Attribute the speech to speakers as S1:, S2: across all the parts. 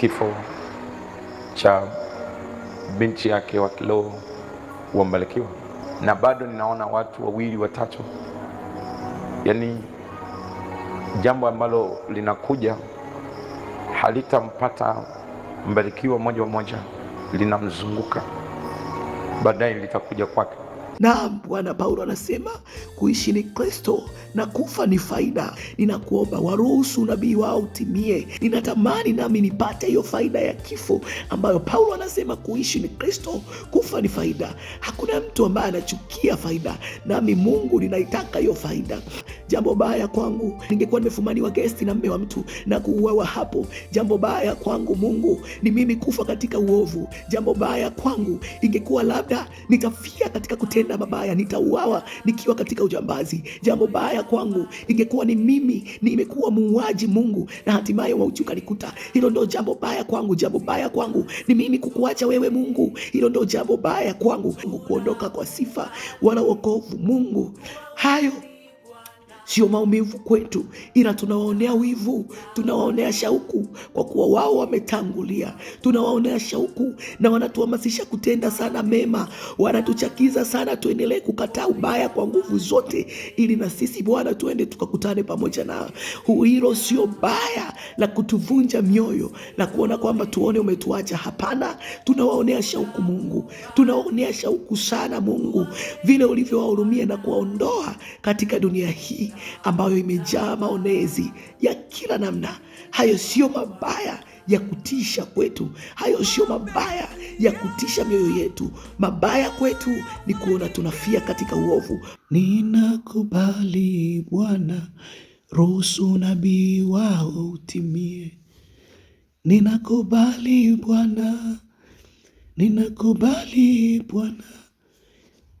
S1: kifo cha binti yake wa Kiloo wa Mbarikiwa, na bado ninaona watu wawili watatu, yaani jambo ambalo linakuja halitampata Mbarikiwa moja kwa moja, linamzunguka baadaye, litakuja kwake.
S2: Naam, Bwana Paulo anasema kuishi ni Kristo na kufa ni faida. Ninakuomba waruhusu unabii wao utimie. Ninatamani nami nipate hiyo faida ya kifo ambayo Paulo anasema kuishi ni Kristo, kufa ni faida. Hakuna mtu ambaye anachukia faida, nami Mungu ninaitaka hiyo faida. Jambo baya kwangu ningekuwa nimefumaniwa gesti na mme wa mtu na kuuawa hapo. Jambo baya kwangu Mungu ni mimi kufa katika uovu. Jambo baya kwangu ingekuwa labda nitafia katika kutenda kutenda mabaya, nitauawa nikiwa katika ujambazi. Jambo baya kwangu ingekuwa ni mimi nimekuwa muuaji, Mungu, na hatimaye mauti ukanikuta. Hilo ndo jambo baya kwangu. Jambo baya kwangu ni mimi kukuacha wewe, Mungu. Hilo ndo jambo baya kwangu, kuondoka kwa sifa wala wokovu, Mungu. Hayo sio maumivu kwetu, ila tunawaonea wivu, tunawaonea shauku, kwa kuwa wao wametangulia. Tunawaonea shauku na wanatuhamasisha kutenda sana mema, wanatuchakiza sana tuendelee kukataa ubaya kwa nguvu zote, ili na sisi Bwana tuende tukakutane pamoja nao. Hilo sio baya la kutuvunja mioyo na kuona kwamba tuone umetuacha. Hapana, tunawaonea shauku Mungu, tunawaonea shauku sana Mungu, vile ulivyowahurumia na kuwaondoa katika dunia hii ambayo imejaa maonezi ya kila namna. Hayo sio mabaya ya kutisha kwetu, hayo sio mabaya ya kutisha mioyo yetu. Mabaya kwetu ni kuona tunafia katika uovu.
S3: Ninakubali Bwana, ruhusu nabii wao utimie. Ninakubali Bwana, ninakubali Bwana,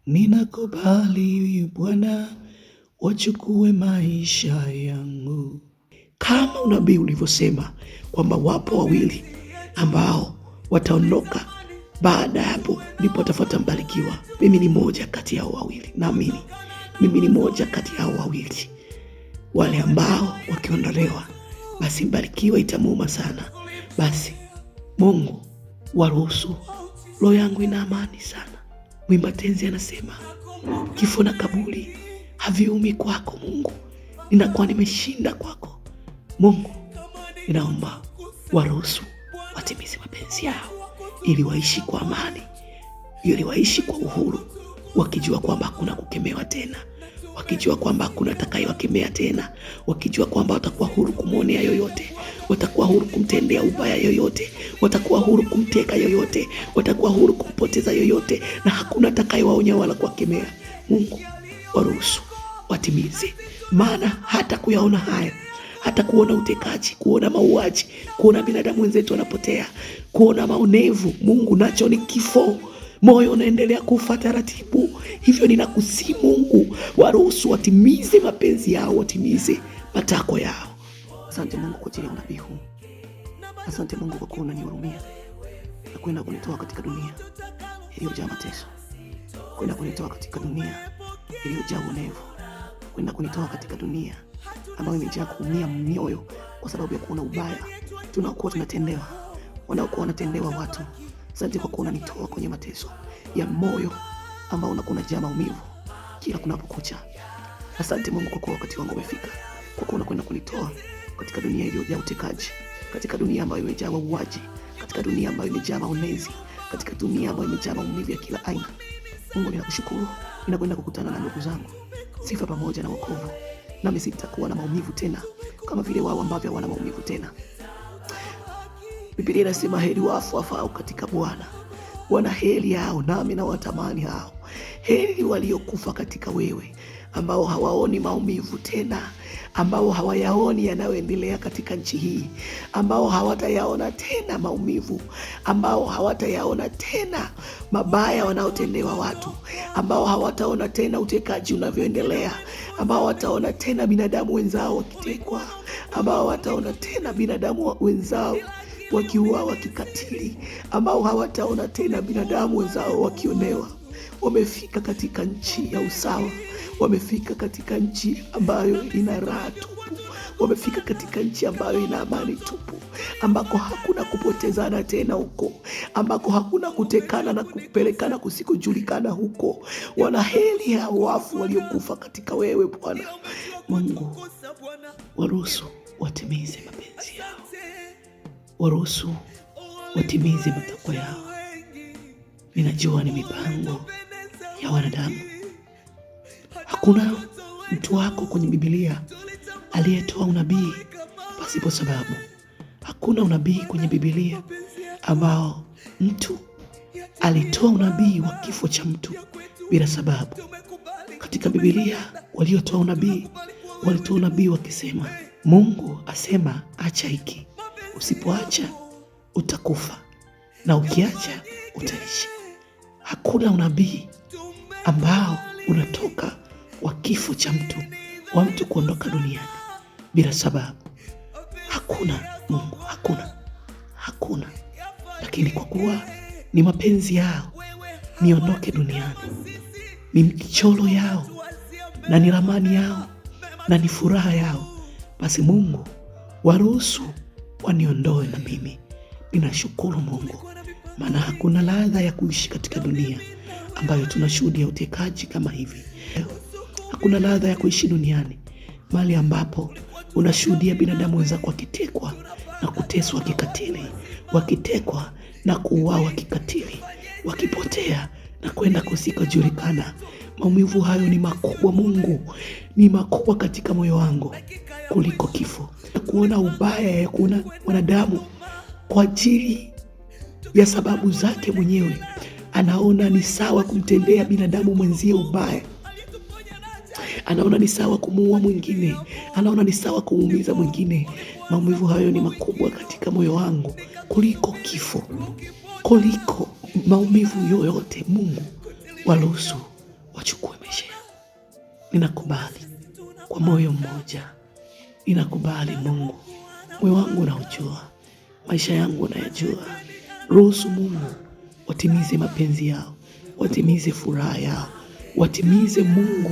S3: ninakubali Bwana wachukue maisha yangu.
S2: Kama unabii ulivyosema kwamba wapo wawili ambao wataondoka, baada ya hapo ndipo watafuata mbarikiwa. Mimi ni moja kati yao wawili, naamini mimi ni moja kati yao wawili, wale ambao wakiondolewa, basi mbarikiwa itamuuma sana. Basi Mungu waruhusu, roho yangu ina amani sana. Mwimba tenzi anasema kifo na kaburi haviumi kwako Mungu, ninakuwa nimeshinda kwako Mungu. Ninaomba waruhusu watimize mapenzi yao, ili waishi kwa amani, ili waishi kwa uhuru, wakijua kwamba hakuna kukemewa tena, wakijua kwamba hakuna atakayewakemea tena, wakijua kwamba watakuwa huru kumwonea yoyote, watakuwa huru kumtendea ubaya yoyote, watakuwa huru kumteka yoyote, watakuwa huru kumpoteza yoyote, na hakuna atakayewaonya wala kuwakemea. Mungu, waruhusu watimize, maana hata kuyaona haya hata kuona utekaji, kuona mauaji, kuona binadamu wenzetu wanapotea, kuona maonevu, Mungu nacho ni kifo, moyo unaendelea kufa taratibu. Hivyo ninakusi Mungu, waruhusu watimize mapenzi yao, watimize matakwa yao. Asante Mungu kwa ajili ya unabii huu. Asante Mungu kwa kuwa unanihurumia na kwenda kunitoa katika dunia iliyojaa mateso, kwenda kunitoa katika dunia iliyojaa uonevu kwenda kunitoa katika dunia ambayo imejaa kuumia mioyo kwa sababu ya kuona ubaya tunaokuwa tunatendewa, wanaokuwa wanatendewa watu. Asante kwa kuwa unanitoa kwenye mateso ya moyo ambao unakuwa unajaa maumivu kila kunapokucha. Asante Mungu kwa kuwa wakati wangu umefika, kwa kuwa unakwenda kunitoa katika dunia iliyojaa utekaji, katika dunia ambayo imejaa wauaji, katika dunia ambayo imejaa maonezi, katika dunia ambayo imejaa maumivu ya kila aina. Mungu, ninakushukuru, ninakwenda kukutana na ndugu zangu sifa pamoja na wokovu, nami sitakuwa na maumivu tena kama vile wao ambavyo hawana maumivu tena. Biblia inasema heri wafu wafao katika Bwana, wana heri yao nami na watamani hao. Heri waliokufa katika wewe, ambao hawaoni maumivu tena, ambao hawayaoni yanayoendelea katika nchi hii, ambao hawatayaona tena maumivu, ambao hawatayaona tena mabaya wanaotendewa watu, ambao hawataona tena utekaji unavyoendelea, ambao wataona tena binadamu wenzao wakitekwa, ambao wataona tena binadamu wenzao wakiuawa kikatili, ambao hawataona tena binadamu wenzao wakionewa wamefika katika nchi ya usawa, wamefika katika nchi ambayo ina raha tupu, wamefika katika nchi ambayo ina amani tupu, ambako hakuna kupotezana tena huko, ambako hakuna kutekana na kupelekana kusikojulikana huko. Wanaheri ya wafu waliokufa katika wewe Bwana Mungu, waruhusu watimize mapenzi yao, waruhusu watimize matakwa yao. Ninajua ni mipango ya wanadamu. Hakuna mtu wako kwenye Biblia aliyetoa unabii pasipo sababu. Hakuna unabii kwenye Biblia ambao mtu alitoa unabii wa kifo cha mtu bila sababu. Katika Biblia waliotoa unabii walitoa unabii wakisema, Mungu asema acha hiki, usipoacha utakufa, na ukiacha utaishi. Hakuna unabii ambao unatoka kwa kifo cha mtu wa mtu kuondoka duniani bila sababu. Hakuna Mungu, hakuna, hakuna. Lakini kwa kuwa ni mapenzi yao niondoke duniani, ni mchoro yao na ni ramani yao na ni furaha yao, basi Mungu waruhusu waniondoe na mimi. Ninashukuru Mungu, maana hakuna ladha ya kuishi katika dunia ambayo tunashuhudia utekaji kama hivi. Hakuna ladha ya kuishi duniani mahali ambapo unashuhudia binadamu wenzako wakitekwa na kuteswa kikatili, wakitekwa na kuuawa kikatili, wakipotea na kwenda kusikojulikana. Maumivu hayo ni makubwa, Mungu, ni makubwa katika moyo wangu kuliko kifo. Kuona ubaya ya kuona wanadamu kwa ajili ya sababu zake mwenyewe anaona ni sawa kumtendea binadamu mwenzie ubaya, anaona ni sawa kumuua mwingine, anaona ni sawa kumuumiza mwingine. Maumivu hayo ni makubwa katika moyo wangu kuliko kifo, kuliko maumivu yoyote. Mungu, waruhusu wachukue maisha yangu. Ninakubali kwa moyo mmoja, ninakubali Mungu, moyo wangu unaujua, maisha yangu unayajua. Ruhusu Mungu watimize mapenzi yao, watimize furaha yao, watimize Mungu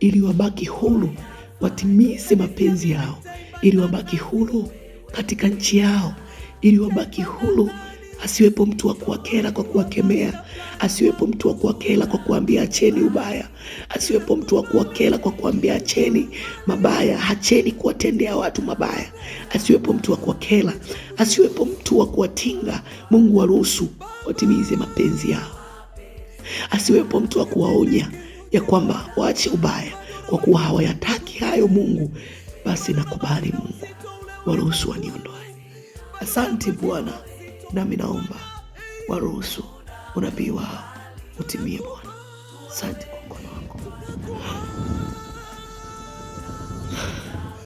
S2: ili wabaki huru, watimize mapenzi yao ili wabaki huru katika nchi yao, ili wabaki huru asiwepo mtu wa kuwakera kwa kuwakemea, asiwepo mtu wa kuwakela kwa kuambia acheni ubaya, asiwepo mtu wa kuwakela kwa kuambia acheni mabaya, hacheni kuwatendea watu mabaya, asiwepo mtu wa kuwakela, asiwepo mtu wa kuwatinga. Mungu waruhusu watimize mapenzi yao, asiwepo mtu wa kuwaonya ya kwamba waache ubaya, kwa kuwa hawayataki hayo. Mungu basi nakubali, Mungu waruhusu waniondoe. Asante Bwana nami naomba waruhusu unabii wao utimie Bwana. Asante kwa mkono wako.